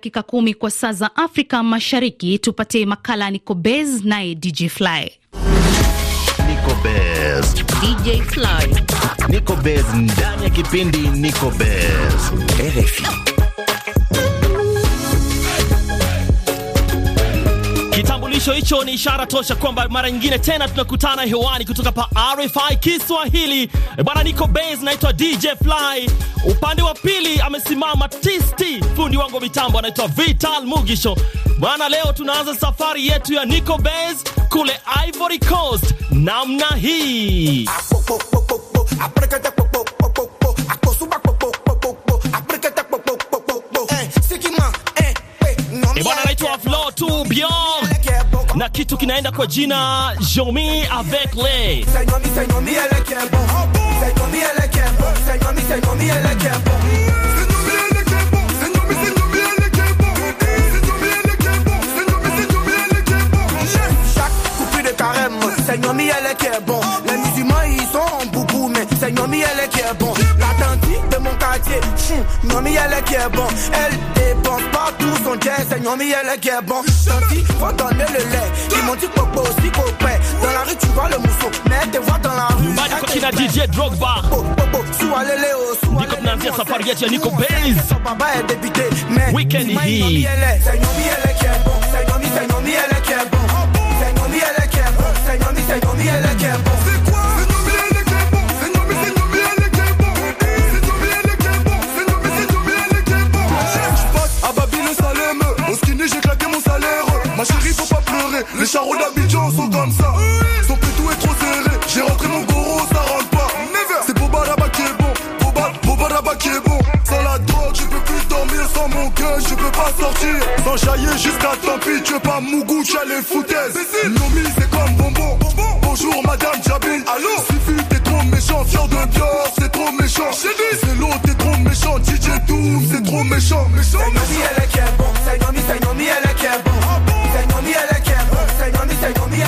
dakika kumi kwa saa za Afrika Mashariki tupate makala Niko Bez naye DJ Fly. Niko DJ Fly. Niko ndani ya kipindi Niko RFI. Kitambulisho hicho ni ishara tosha kwamba mara nyingine tena tunakutana hewani kutoka pa RFI Kiswahili. E, bwana niko base, naitwa DJ Fly. Upande wa pili amesimama Tisti, fundi wangu wa mitambo anaitwa Vital Mugisho. Bwana, leo tunaanza safari yetu ya Niko Base kule Ivory Coast namna hii kitu kinaenda kwa jina Jomi avec le Seigneur, elle est qui est bon. Les musulmans, ils sont en mais Seigneur, mi elle est qui est bon moitié. Nomi, elle est bon. Elle partout son jazz. elle est qui bon. faut donner le lait. Ils m'ont dit aussi qu'on Dans la rue, tu vois le mousseau. Mais dans la rue. bon. elle bon. elle Les charros d'Abidjan sont comme ça. Son pétou est trop serré. J'ai rentré mon goro, ça rentre pas. C'est Boba là-bas qui est bon. Boba, Boba là-bas qui est bon. Sans la drogue, je peux plus dormir. Sans mon cœur, je peux pas sortir. Sans jaillir jusqu'à tant pis. Tu veux pas Mougou, tu as les foutaises. Nomi, c'est comme bonbon. Bonjour, madame Jabine. Allô? Suffit, t'es trop méchant. Fier de Dior, c'est trop méchant. C'est l'eau, t'es trop méchant. DJ Doom, c'est trop méchant. Méchant, elle est qui est bon. elle est ah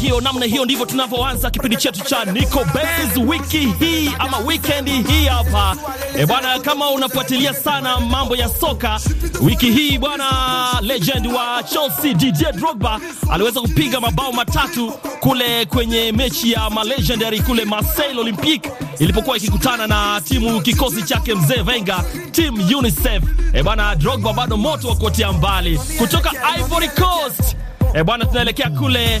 hiyo namna hiyo ndivyo tunavyoanza kipindi chetu cha Niko Base wiki hii ama weekend hii hapa. E bwana, kama unafuatilia sana mambo ya soka wiki hii bwana, legend wa Chelsea DJ Drogba aliweza kupiga mabao matatu kule kwenye mechi ya malegendary kule Marseille Olympique ilipokuwa ikikutana na timu kikosi chake mzee Wenger team UNICEF. E bwana, Drogba bado moto wa kuotea mbali kutoka Ivory Coast. E bwana, tunaelekea kule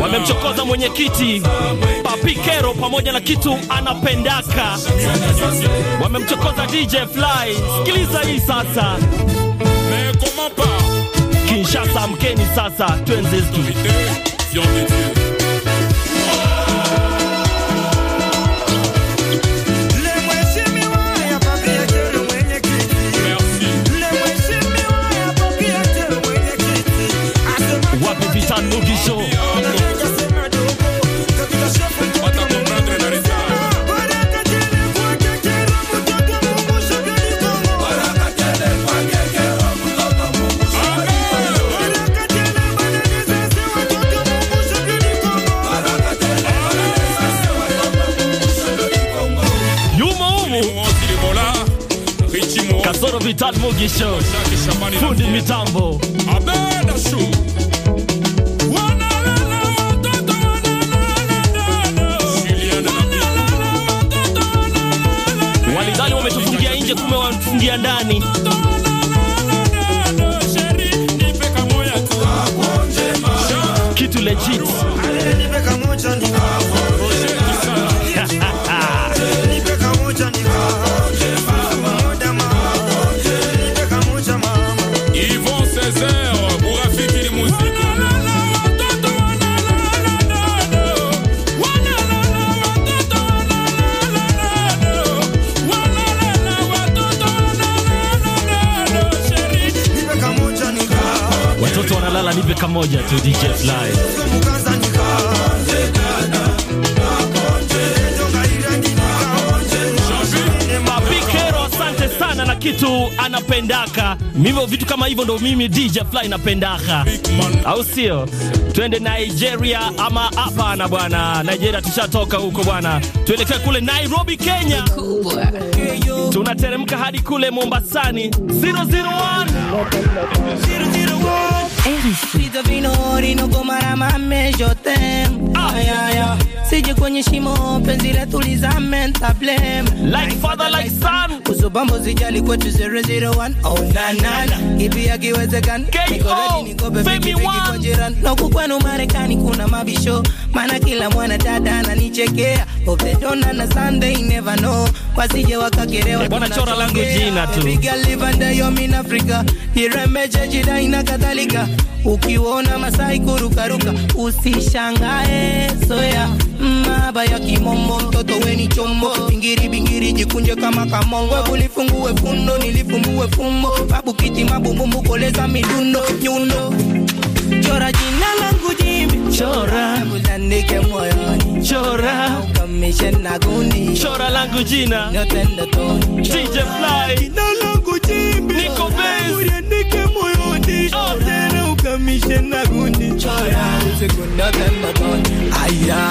wamemchokoza mwenyekiti Papikero pamoja na kitu anapendaka, wamemchokoza DJ Fly. Sikiliza hii sasa, Kinshasa mkeni sasa, wapi vitano Vital Mugisho, fundi mitambo Walidhani wametufungia nje, kume wafungia ndani. Kitu legit. moja tu DJ Fly. Asante sana na kitu anapendaka mivyo vitu kama hivyo ndo mimi DJ Fly napendaka, au sio? Twende Nigeria ama na bwana? Nigeria tushatoka huko bwana, tuelekee kule Nairobi, Kenya. Tunateremka hadi kule Mombasani 001 001 Pita vinori mame yo ah. ay, ay, ay. Sije kwenye shimo penzi letu lizame ntablem Like father like son Kuso zijali kwetu 001 Oh na na na Ibi ya kiwezekan Niko ready niko bebeki begi kwa marekani kuna mabisho Mana kila mwana dada ananichekea Ope dona na Sunday never know Wasije wakakerewa Ebona chora langu jina tu Big girl live under your mean Africa Nirembe jeji daina kadhalika Ukiona Masai kurukaruka usishangae, soya maba ya kimombo, mtoto weni chombo, bingiri bingiri, jikunje kama kamongo, kulifungue fundo, nilifungue fumbo, babu kiti mabumbumbu, koleza midundo nyundo, chora jina langu jimi, chora ulandike moyoni, chora ukamishe na gundi, chora langu jina nyotendo toni, DJ Fly, jina langu jimi, Niko Base mishe na gundi chora sekunda vema toni aya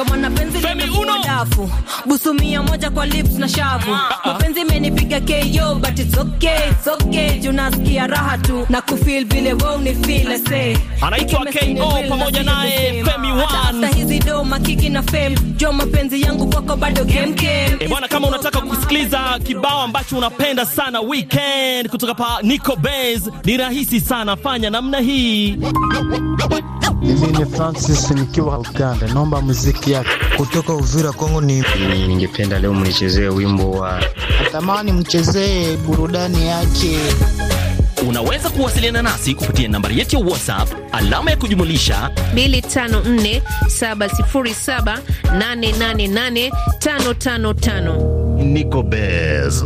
ndio maana penzi limekudafu busumia moja kwa lips na shavu ah, ah. mapenzi imenipiga KO but it's okay it's okay junasikia raha tu na kufeel vile wewe unifeel say anaitwa KO pamoja naye Femi One hata hizi do makiki na fame jo mapenzi yangu kwako bado game eh, game e bwana kama unataka kusikiliza kibao ambacho unapenda sana weekend kutoka pa Nico Bez ni rahisi sana fanya namna hii mimi ni Francis nikiwa Uganda, naomba muziki yake kutoka Uvira Kongo. Ni ningependa leo mnichezee wimbo wa natamani mchezee burudani yake. Unaweza kuwasiliana nasi kupitia nambari yetu ya WhatsApp alama ya kujumulisha 254707888555. Niko Bez,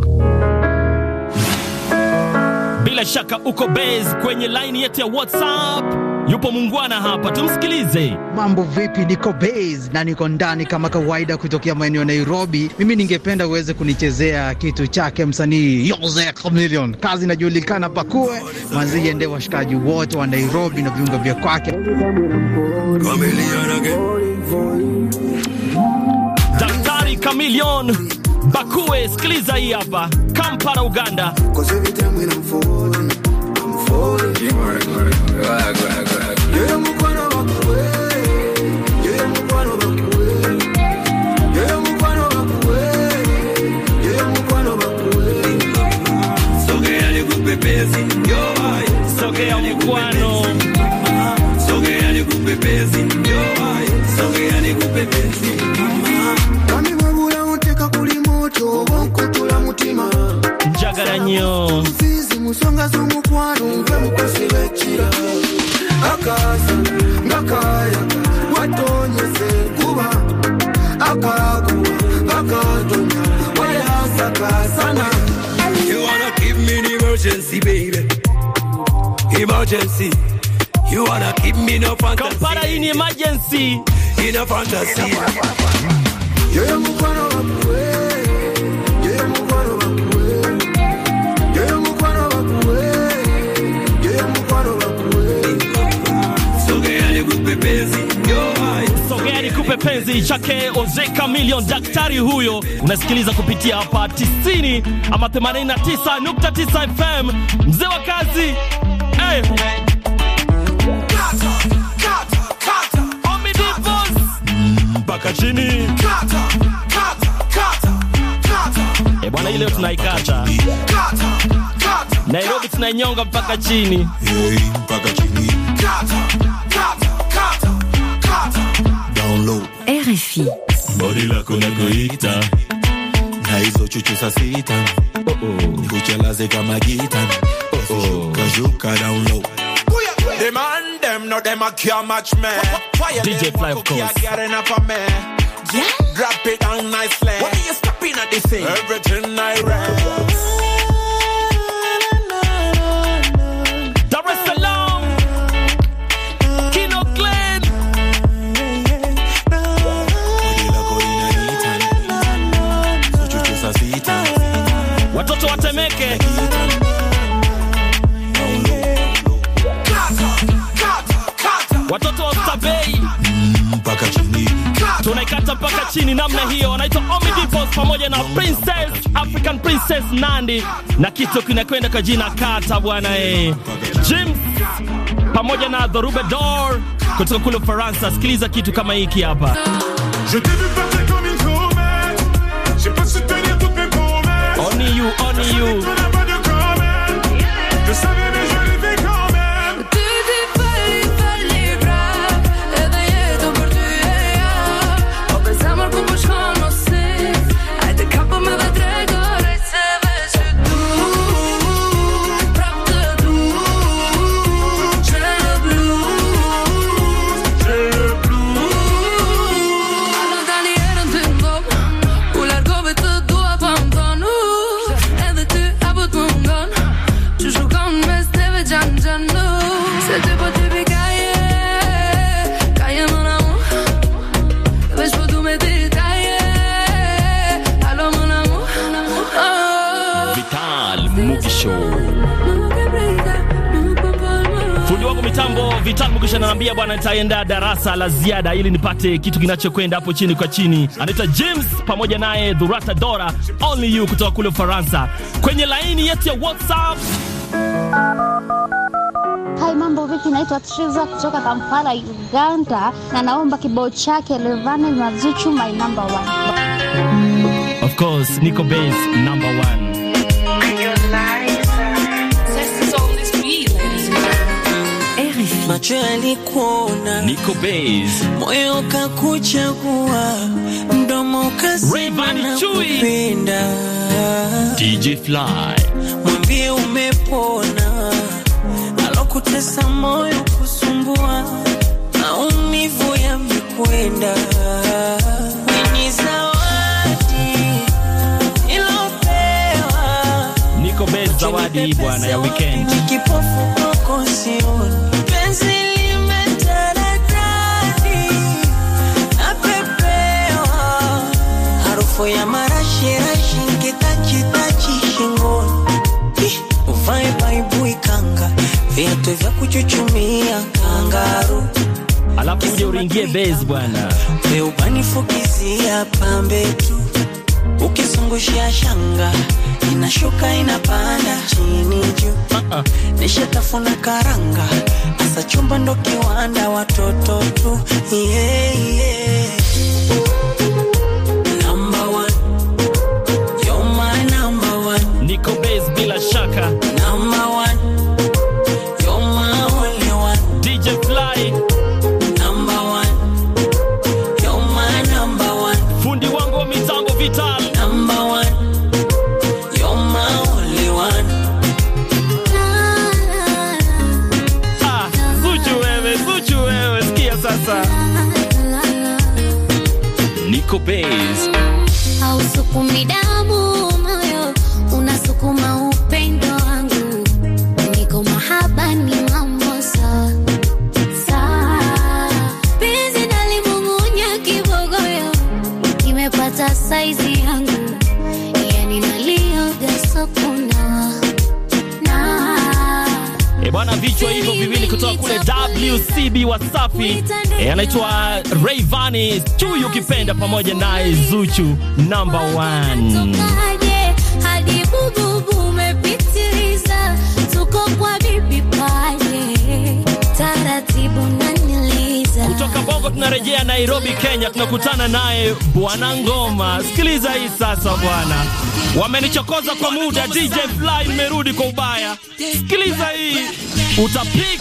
bila shaka uko Bez kwenye line yetu ya WhatsApp. Yupo mungwana hapa, tumsikilize. Mambo vipi? Niko base na niko ndani kama kawaida kutokea maeneo ya Nairobi. Mimi ningependa uweze kunichezea kitu chake msanii Yose Chameleon, Kazi inajulikana pakue ende, washikaji wote wa Nairobi na viunga vya kwake Daktari Bakue, sikiliza hii hapa Kampala, Uganda. Njagala nnyo ensonga z'omukwano nve mukusiba ekira akaasa ngakaaya watonyese kuba wayasakasana You wanna give me emergency, baby. Emergency. You wanna me no fantasy. in emergency. In a fantasy. kizazi chake Ozeka Million, daktari huyo. Unasikiliza kupitia hapa 90 ama 89.9 FM, mzee wa kazi hey. Eh. Mpaka chini e bwana, ile tunaikata Nairobi, tunainyonga mpaka chini hey, mpaka chini Kata, kata, kata, kata. Download. RFI. Body lako nakuita na hizo chuchu sa sita oh, oh. nikuchelaze kama gita oh, kashuka down low The man them, no them a can't match me. DJ Fly of course. Yeah. Drop it down nicely. What are you stopping at this thing? Everything I read. utetemeke. Watoto wa Stabei mpaka chini, tunaikata mpaka chini namna hiyo. Wanaitwa Omi Dipos pamoja na Princess African Princess Nandi, na kitu kinakwenda kwa jina kata bwana, eh Jim pamoja na Dorube Dor kutoka kule Faransa. Sikiliza kitu kama hiki hapa. je you. show. Fundi wangu mitambo vitabu kisha ananiambia bwana, nitaenda darasa la ziada ili nipate kitu kinachokwenda hapo chini kwa chini. Anaitwa James pamoja naye Dhurata Dora Only You kutoka kule Ufaransa kwenye laini yetu ya WhatsApp. Hai, mambo vipi? Naitwa Triza kutoka Kampala, Uganda, na naomba kibao chake Levane Mazuchu, my number one. Of course, Nico Base number one. macho yalikuona, Niko Base, moyo kakuchagua, mdomo kasema nakupenda. DJ Fly, mwambie umepona, alokutesa moyo kusumbua, maumivu yamekwenda zawadi bwana ya weekend. Harufu ya marashi rashi nkitachi tachi shingoni, uvae baibui kanga, viatu vya kuchuchumia kangaru alafu uje uringie base bwana, fukizia pambe tu, ukizungushia shanga inashuka inapanda chini juu uh -uh. Nishatafuna karanga hasa, chumba ndo kiwanda, watoto tu yeah, yeah. Kobes bila shaka Number one. saizi yangu, yani nalioga sokuna E bwana, vichwa hivyo viwili kutoka kule WCB Wasafi, e, anaitwa Rayvanny Chuyu ukipenda, pamoja naye Zuchu number 1 pale taratibu kutoka Bongo tunarejea Nairobi, Kenya, tunakutana naye Bwana Ngoma. Sikiliza hii sasa, bwana, wamenichokoza kwa muda. DJ Fly merudi kwa ubaya. Sikiliza hii utapik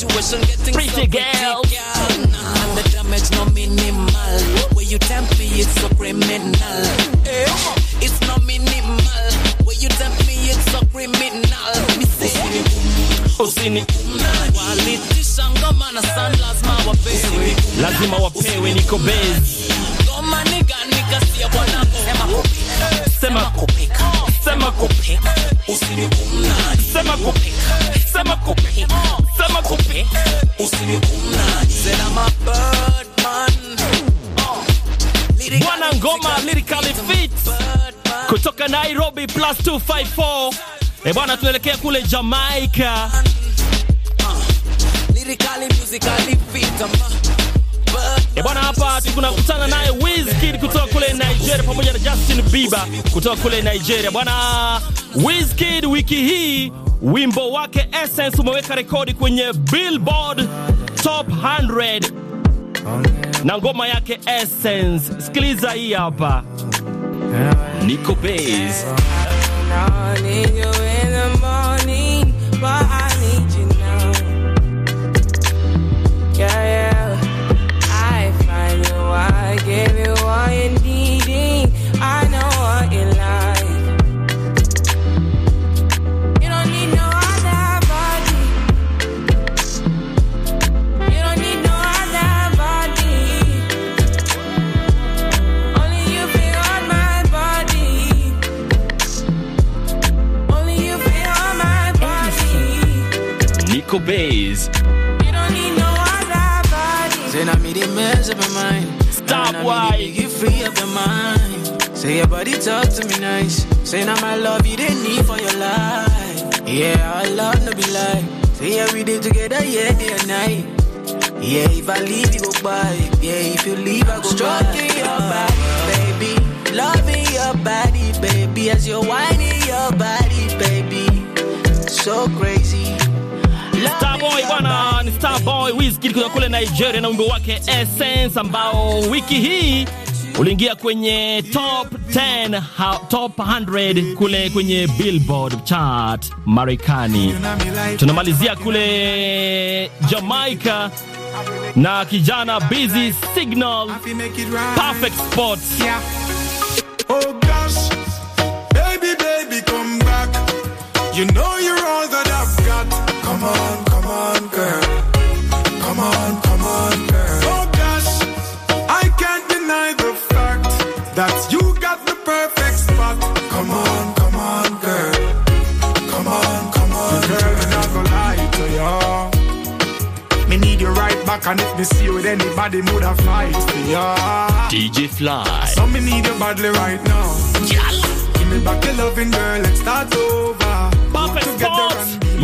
situation getting Pretty so girl. And the damage no minimal. Where you tempt me, it's so criminal. Eh? It's no minimal. Where you tempt me, it's so criminal. lazima wapewe, lazima niko Bwana ngoma lirikali fit kutoka Nairobi plus 254. E eh, bwana, tuelekea kule Jamaica. E bwana, hapa tunakutana naye Wizkid kutoka kule Nigeria pamoja na Justin Bieber kutoka kule Nigeria. Bwana Wizkid, wiki hii wimbo wake Essence umeweka rekodi kwenye Billboard Top 100 na ngoma yake Essence. Sikiliza hii hapa. Nico Base. Rico Bays. Say now me the mess up your mind. Stop why you free up your mind. Say your body talk to me nice. Say now my love you didn't need for your life. Yeah, our love no be like. Say yeah, we every day together, yeah, day and night. Yeah, if I leave you go by. Yeah, if you leave I go Stroking your body, baby. Loving your body, baby. As you're whining your body, baby. So crazy. Boy bwana, ni star boy Wizkid kutoka kule Nigeria na wimbo wake Essence ambao wiki hii uliingia kwenye top 10 top 100 kule kwenye Billboard chart Marekani. Tunamalizia kule Jamaica na kijana Busy Signal Perfect Spot. Oh gosh, baby baby come back. You know you're all that I've got. Come on. back and if me see you with anybody, would have fight Yeah. DJ Fly. So me need you badly right now. Yes. Give me back your loving girl, let's start over. Perfect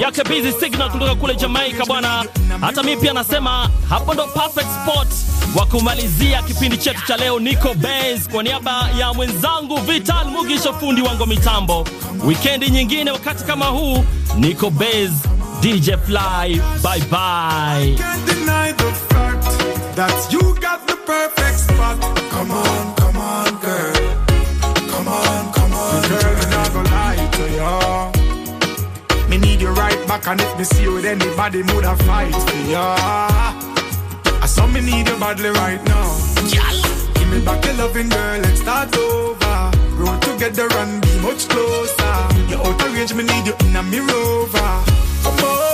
yake busy signal kutoka kule Jamaica bwana. Hata mimi pia nasema hapo ndo perfect spot wa kumalizia kipindi chetu cha leo. Nico Bez kwa niaba ya mwenzangu Vital Mugisho, fundi wango mitambo. Wikendi nyingine wakati kama huu, Nico Bez, DJ Fly, bye bye. That you got the perfect spot. Come on, come on, girl. Come on, come on, girl. I'm not gonna lie to you. Me need you right back, and if me see you with anybody, mood. I fight for you. I saw me need you badly right now. Yeah. Give me back your loving, girl. Let's start over. Roll together and be much closer. You're out of range, me need you in a mirror. Come on.